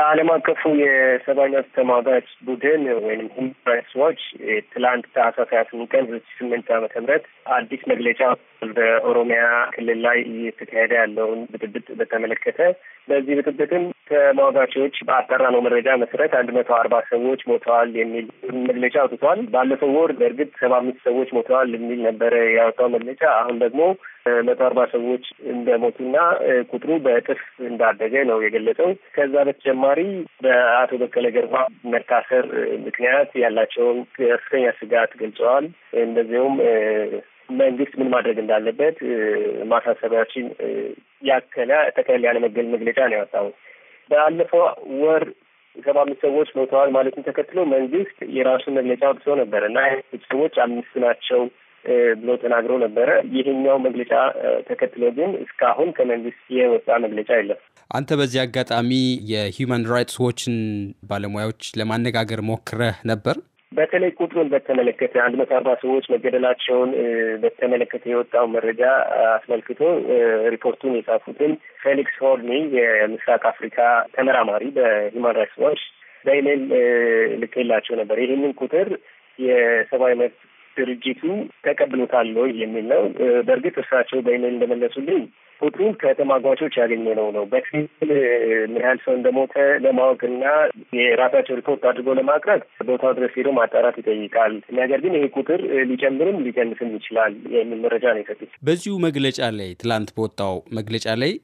ዓለም አቀፉ የሰብአዊ መብት ተሟጋች ቡድን ወይም ሁማን ራይትስ ዋች ትላንት ታህሳስ ሀያ ስምንት ቀን ሁለት ሺህ ስምንት ዓመተ ምህረት አዲስ መግለጫ በኦሮሚያ ክልል ላይ እየተካሄደ ያለውን ብጥብጥ በተመለከተ በዚህ ብጥብጥም ከሟጋቾች በአጠራነው መረጃ መሰረት አንድ መቶ አርባ ሰዎች ሞተዋል የሚል መግለጫ አውጥቷል። ባለፈው ወር በእርግጥ ሰባ አምስት ሰዎች ሞተዋል የሚል ነበረ ያወጣው መግለጫ። አሁን ደግሞ መቶ አርባ ሰዎች እንደሞቱና ቁጥሩ በእጥፍ እንዳደገ ነው የገለጸው። ከዛ በተጨማሪ በአቶ በቀለ ገርባ መታሰር ምክንያት ያላቸውን ከፍተኛ ስጋት ገልጸዋል። እንደዚሁም መንግስት ምን ማድረግ እንዳለበት ማሳሰቢያችን ያከለ ተከል ያለ መግለጫ ነው ያወጣው። ባለፈው ወር ሰባ አምስት ሰዎች ሞተዋል ማለትን ተከትሎ መንግስት የራሱን መግለጫ አውጥቶ ነበረ እና ሰዎች አምስት ናቸው ብሎ ተናግሮ ነበረ። ይህኛው መግለጫ ተከትሎ ግን እስካሁን ከመንግስት የወጣ መግለጫ የለም። አንተ በዚህ አጋጣሚ የሂውማን ራይትስ ዎችን ባለሙያዎች ለማነጋገር ሞክረህ ነበር? በተለይ ቁጥሩን በተመለከተ አንድ መቶ አርባ ሰዎች መገደላቸውን በተመለከተ የወጣው መረጃ አስመልክቶ ሪፖርቱን የጻፉትን ፌሊክስ ሆርኒ የምስራቅ አፍሪካ ተመራማሪ በሂማን ራይትስ ዋች በኢሜል ልኬላቸው ነበር። ይህንን ቁጥር የሰብአዊ መብት ድርጅቱ ተቀብሎታል የሚል ነው። በእርግጥ እርሳቸው በኢሜል እንደመለሱልኝ ቁጥሩ ከተማጓቾች ያገኘነው ነው። በትክክል ምን ያህል ሰው እንደሞተ ለማወቅ እና የራሳቸው ሪፖርት አድርጎ ለማቅረብ ቦታው ድረስ ሄዶ ማጣራት ይጠይቃል። ነገር ግን ይሄ ቁጥር ሊጨምርም ሊቀንስም ይችላል የሚል መረጃ ነው የሰጡት። በዚሁ መግለጫ ላይ ትላንት በወጣው መግለጫ ላይ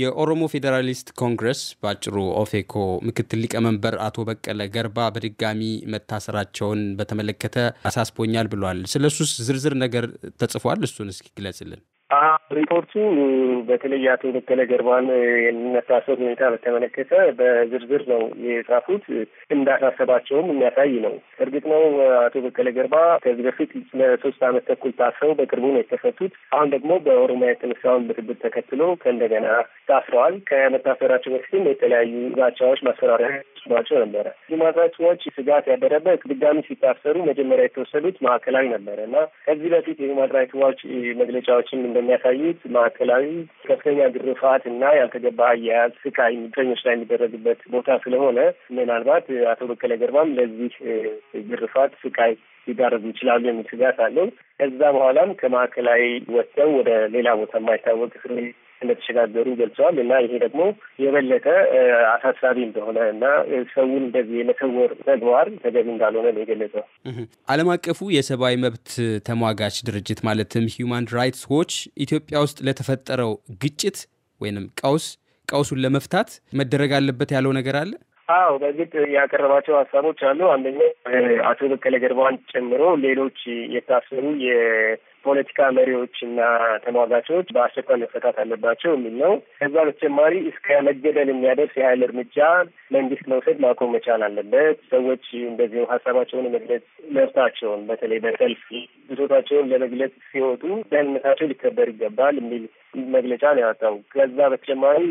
የኦሮሞ ፌዴራሊስት ኮንግረስ በአጭሩ ኦፌኮ ምክትል ሊቀመንበር አቶ በቀለ ገርባ በድጋሚ መታሰራቸውን በተመለከተ አሳስቦኛል ብሏል። ስለ እሱስ ዝርዝር ነገር ተጽፏል? እሱን እስኪ ግለጽልን። ሪፖርቱ በተለይ አቶ በቀለ ገርባን የሚነሳሰብ ሁኔታ በተመለከተ በዝርዝር ነው የጻፉት። እንዳሳሰባቸውም የሚያሳይ ነው። እርግጥ ነው አቶ በቀለ ገርባ ከዚህ በፊት ለሶስት አመት ተኩል ታስረው በቅርቡ ነው የተፈቱት። አሁን ደግሞ በኦሮሚያ የተነሳውን ብጥብጥ ተከትሎ ከእንደገና ታስረዋል። ከመታሰራቸው በፊትም የተለያዩ ዛቻዎች፣ ማስፈራሪያዎች ቸው ነበረ። ማዛቻዎች ስጋት ያደረበት ድጋሚ ሲታሰሩ መጀመሪያ የተወሰዱት ማዕከላዊ ነበረ እና ከዚህ በፊት የማድራይት ዋች መግለጫዎችን እንደሚያሳይ የሚያሳዩት ማዕከላዊ ከፍተኛ ግርፋት እና ያልተገባ አያያዝ፣ ስቃይ ምርኮኞች ላይ የሚደረግበት ቦታ ስለሆነ ምናልባት አቶ በቀለ ገርባም ለዚህ ግርፋት፣ ስቃይ ሊዳረጉ ይችላሉ የሚል ስጋት አለው። ከዛ በኋላም ከማዕከላዊ ወጥተው ወደ ሌላ ቦታ የማይታወቅ እስር ቤት እንደተሸጋገሩ ገልጸዋል እና ይሄ ደግሞ የበለጠ አሳሳቢ እንደሆነ እና ሰውን እንደዚህ የመሰወር ተግባር ተገቢ እንዳልሆነ ነው የገለጸው። ዓለም አቀፉ የሰብአዊ መብት ተሟጋች ድርጅት ማለትም ሂዩማን ራይትስ ዎች ኢትዮጵያ ውስጥ ለተፈጠረው ግጭት ወይንም ቀውስ ቀውሱን ለመፍታት መደረግ አለበት ያለው ነገር አለ። አዎ በእርግጥ ያቀረባቸው ሀሳቦች አሉ። አንደኛው አቶ በቀለ ገርባን ጨምሮ ሌሎች የታሰሩ ፖለቲካ መሪዎች እና ተሟጋቾች በአስቸኳይ መፈታት አለባቸው የሚል ነው። ከዛ በተጨማሪ እስከ መገደል የሚያደርስ የኃይል እርምጃ መንግስት መውሰድ ማቆም መቻል አለበት። ሰዎች እንደዚሁ ሀሳባቸውን መግለጽ መብታቸውን በተለይ በሰልፍ ብሶታቸውን ለመግለጽ ሲወጡ ደህንነታቸው ሊከበር ይገባል የሚል መግለጫ ነው ያወጣው። ከዛ በተጨማሪ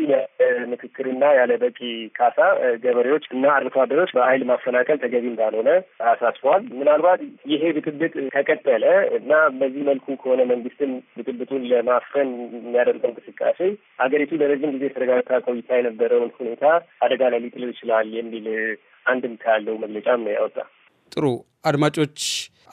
ምክክርና ያለ በቂ ካሳ ገበሬዎች እና አርብቶ አደሮች በኃይል ማፈናቀል ተገቢ እንዳልሆነ አሳስቧል። ምናልባት ይሄ ብጥብጥ ከቀጠለ እና በዚህ መልኩ ከሆነ መንግስትን ብጥብጡን ለማፈን የሚያደርገው እንቅስቃሴ ሀገሪቱ ለረጅም ጊዜ ተረጋግታ ቆይታ የነበረውን ሁኔታ አደጋ ላይ ሊጥል ይችላል የሚል አንድምታ ያለው መግለጫም ነው ያወጣ። ጥሩ አድማጮች፣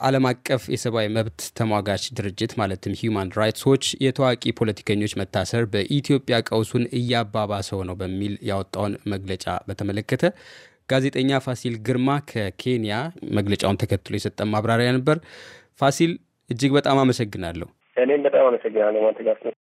ዓለም አቀፍ የሰብአዊ መብት ተሟጋች ድርጅት ማለትም ሂዩማን ራይትስ ዎች የታዋቂ ፖለቲከኞች መታሰር በኢትዮጵያ ቀውሱን እያባባሰው ነው በሚል ያወጣውን መግለጫ በተመለከተ ጋዜጠኛ ፋሲል ግርማ ከኬንያ መግለጫውን ተከትሎ የሰጠ ማብራሪያ ነበር። ፋሲል እጅግ በጣም አመሰግናለሁ። እኔም በጣም አመሰግናለሁ ማንተጋፍነ